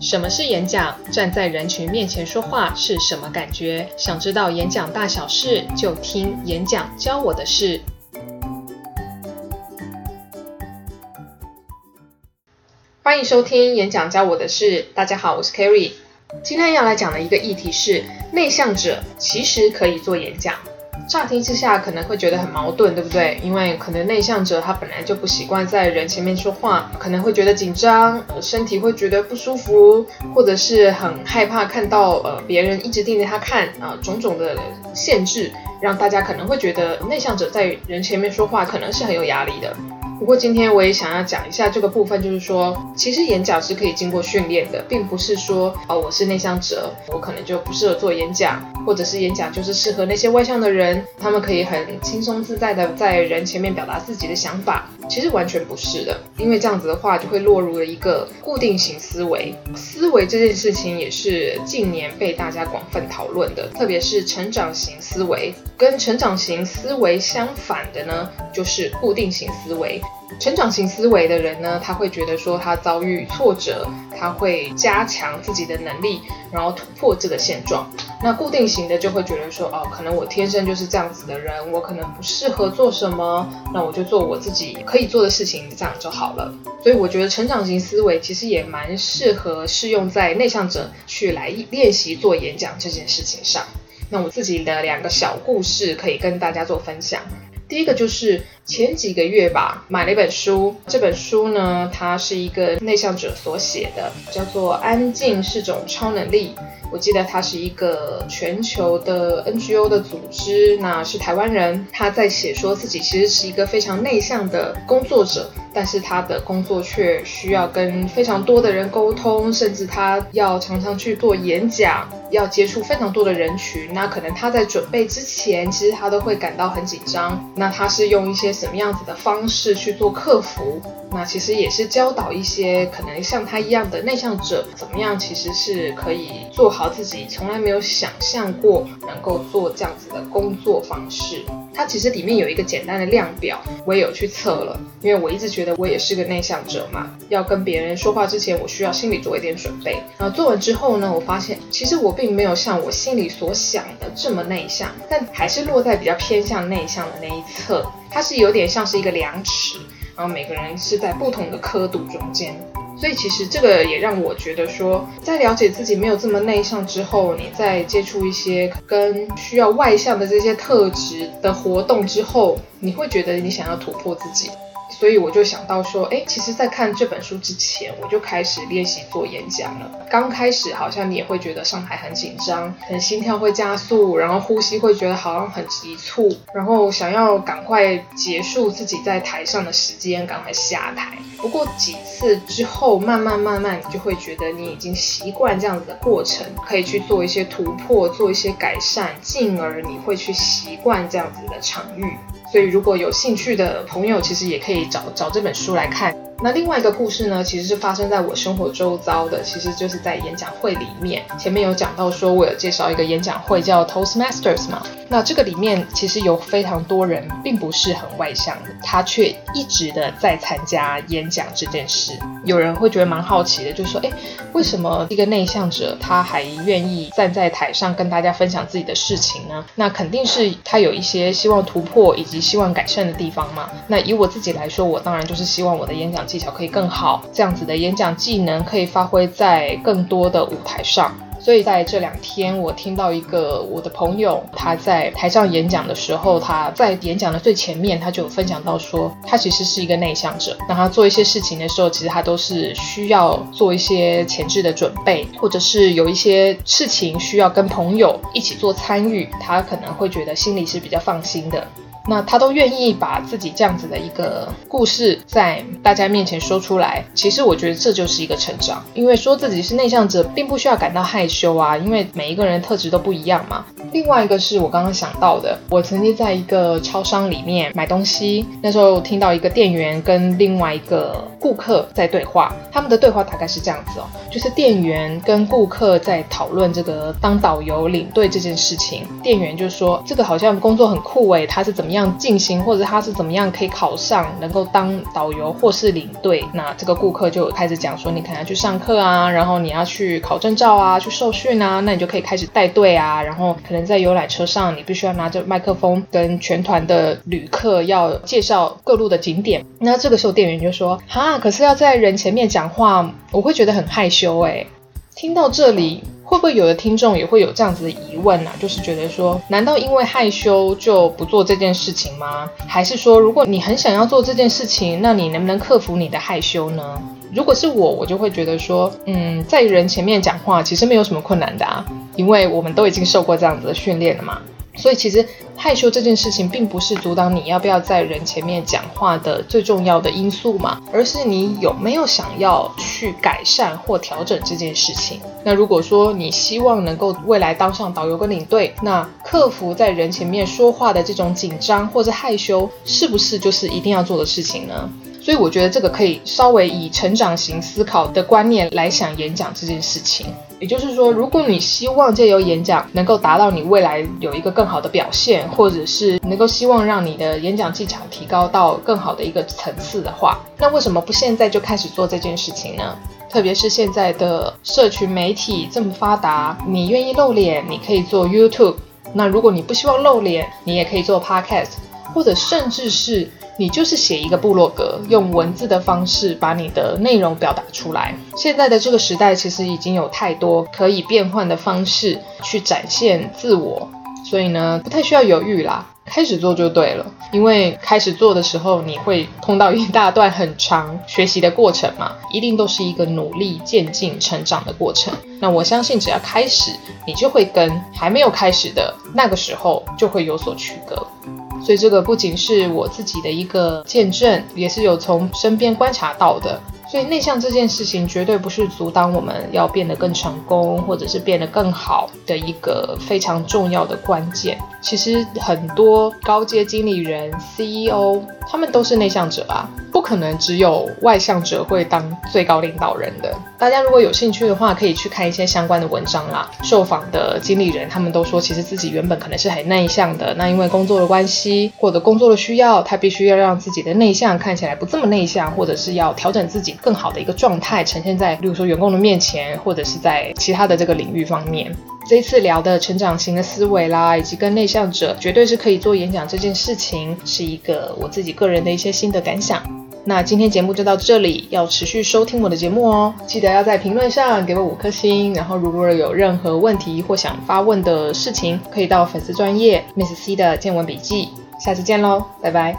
什麼是演講？站在人群面前說話是什麼感覺？想知道演講大小事，就聽《演講教我的事》。歡迎收聽《演講教我的事》，大家好，我是 Kerry。今天要來講的一個議題是：內向者其實可以做演講。乍聽之下可能會覺得很矛盾，對不對？因為可能內向者他本來就不習慣在人前面說話，可能會覺得緊張，呃，身體會覺得不舒服，或者是很害怕看到呃別人一直盯着他看啊、呃，種種的限制，讓大家可能會覺得內向者在人前面說話可能是很有壓力的。不過今天我也想要講一下這個部分，就是說，其實演講是可以經過訓練的，並不是說哦，我是內向者，我可能就不適合做演講，或者是演講就是適合那些外向的人，他們可以很輕鬆自在的在人前面表達自己的想法。其實完全不是的，因為這樣子的話就會落入了一個固定型思維。思維這件事情也是近年被大家廣泛討論的，特別是成長型思維，跟成長型思維相反的呢，就是固定型思維。成長型思維的人呢，他會覺得說他遭遇挫折，他會加強自己的能力，然後突破這個現狀。那固定型的就會覺得說，哦，可能我天生就是這樣子的人，我可能不適合做什麼，那我就做我自己可以做的事情，這樣就好了。所以我覺得成長型思維其實也蠻適合適用在內向者去來練習做演講這件事情上。那我自己的兩個小故事可以跟大家做分享。第一個就是前幾個月吧，買了一本書。這本書呢，它是一個內向者所寫的，叫做《安靜是種超能力》。我記得它是一個全球的 NGO 的組織，那是台灣人，他在寫說自己其實是一個非常內向的工作者。但是他的工作卻需要跟非常多的人溝通，甚至他要常常去做演講，要接觸非常多的人群。那可能他在準備之前，其實他都會感到很緊張。那他是用一些什麼樣子的方式去做克服？那其實也是教導一些可能像他一樣的內向者怎麼樣，其實是可以做好自己從來沒有想象過能夠做這樣子的工作方式。它其實裡面有一個簡單的量表，我也有去測了，因為我一直覺得我也是個內向者嘛。要跟別人說話之前，我需要心裡做一點準備。那做完之後呢，我發現其實我並沒有像我心裡所想的這麼內向，但還是落在比較偏向內向的那一側。它是有點像是一個量尺。然後每個人是在不同的刻度中間，所以其實這個也讓我覺得說，在了解自己沒有這麼內向之後，你在接觸一些跟需要外向的這些特質的活動之後，你會覺得你想要突破自己。所以我就想到說，哎，其實，在看這本書之前，我就開始練習做演講了。剛開始好像你也會覺得上台很緊張，很心跳會加速，然後呼吸會覺得好像很急促，然後想要趕快結束自己在台上的時間，趕快下台。不過幾次之後，慢慢慢慢，你就會覺得你已經習慣這樣子的過程，可以去做一些突破，做一些改善，進而你會去習慣這樣子的場域。所以，如果有興趣的朋友，其實也可以找找這本書來看。那另外一個故事呢，其實是發生在我生活周遭的，其實就是在演講會裡面。前面有講到說，我有介紹一個演講會叫 Toastmasters 嘛。那這個裡面其實有非常多人，並不是很外向的，他卻一直的在參加演講這件事。有人會覺得蠻好奇的，就說：“哎，為什麼一個內向者他還願意站在台上跟大家分享自己的事情呢？”那肯定是他有一些希望突破以及希望改善的地方嘛。那以我自己來說，我當然就是希望我的演講。技巧可以更好，這樣子的演講技能可以發揮在更多的舞台上。所以在這兩天，我聽到一個我的朋友，他在台上演講的時候，他在演講的最前面，他就分享到說，他其實是一個內向者。那他做一些事情的時候，其實他都是需要做一些前置的準備，或者是有一些事情需要跟朋友一起做參與，他可能會覺得心裡是比較放心的。那他都願意把自己這樣子的一個故事在大家面前說出來，其實我覺得這就是一個成長，因為說自己是內向者，並不需要感到害羞啊，因為每一個人的特質都不一樣嘛。另外一個是我剛剛想到的，我曾經在一個超商裡面買東西，那時候聽到一個店員跟另外一個顧客在對話，他們的對話大概是這樣子哦，就是店員跟顧客在討論這個當導遊領隊這件事情，店員就說這個好像工作很酷誒、欸，他是怎麼樣？這樣進行，或者他是怎麼樣可以考上，能夠當導遊或是領隊？那這個顧客就開始講說，你可能要去上課啊，然後你要去考證照啊，去受訓啊，那你就可以開始帶隊啊。然後可能在遊覽車上，你必須要拿着麥克風跟全團的旅客要介紹各路的景點。那這個時候，店員就說：哈，可是要在人前面講話，我會覺得很害羞誒。聽到這裡，會不會有的聽眾也會有這樣子的疑問呢？就是覺得說，難道因為害羞就不做這件事情嗎？還是說，如果你很想要做這件事情，那你能不能克服你的害羞呢？如果是我，我就會覺得說，嗯，在人前面講話其實沒有什麼困難的啊，因為我們都已經受過這樣子的訓練了嘛。所以其實害羞這件事情，並不是阻擋你要不要在人前面講話的最重要的因素嘛，而是你有沒有想要去改善或調整這件事情。那如果說你希望能夠未來當上導遊跟領隊，那克服在人前面說話的這種緊張或者害羞，是不是就是一定要做的事情呢？所以我覺得這個可以稍微以成長型思考的觀念來想演講這件事情。也就是說，如果你希望借由演講能夠達到你未來有一個更好的表現，或者是能夠希望讓你的演講技巧提高到更好的一個層次的話，那為什麼不現在就開始做這件事情呢？特別是現在的社群媒體這麼發達，你願意露臉，你可以做 YouTube；那如果你不希望露臉，你也可以做 Podcast，或者甚至是。你就是寫一個部落格，用文字的方式把你的內容表達出來。現在的這個時代其實已經有太多可以變換的方式去展現自我，所以呢，不太需要猶豫啦，開始做就對了。因為開始做的時候，你會碰到一大段很長學習的過程嘛，一定都是一個努力、漸進、成長的過程。那我相信，只要開始，你就會跟還沒有開始的那個時候就會有所區隔。所以，這個不僅是我自己的一個見證，也是有從身邊觀察到的。所以內向這件事情絕對不是阻擋我們要變得更成功，或者是變得更好的一個非常重要的關鍵。其實很多高階經理人、CEO 他們都是內向者啊，不可能只有外向者會當最高領導人的。大家如果有興趣的話，可以去看一些相關的文章啦。受訪的經理人他們都說，其實自己原本可能是很內向的，那因為工作的關係或者工作的需要，他必須要讓自己的內向看起來不這麼內向，或者是要調整自己。更好的一個狀態呈現在，比如說員工的面前，或者是在其他的這個領域方面。這一次聊的成長型的思維啦，以及跟內向者，絕對是可以做演講這件事情，是一個我自己個人的一些心得感想。那今天節目就到這裡，要持續收聽我的節目哦，記得要在評論上給我五顆星。然後如果有任何問題或想發問的事情，可以到粉絲專頁 Miss C 的見聞筆記。下次見嘍，拜拜。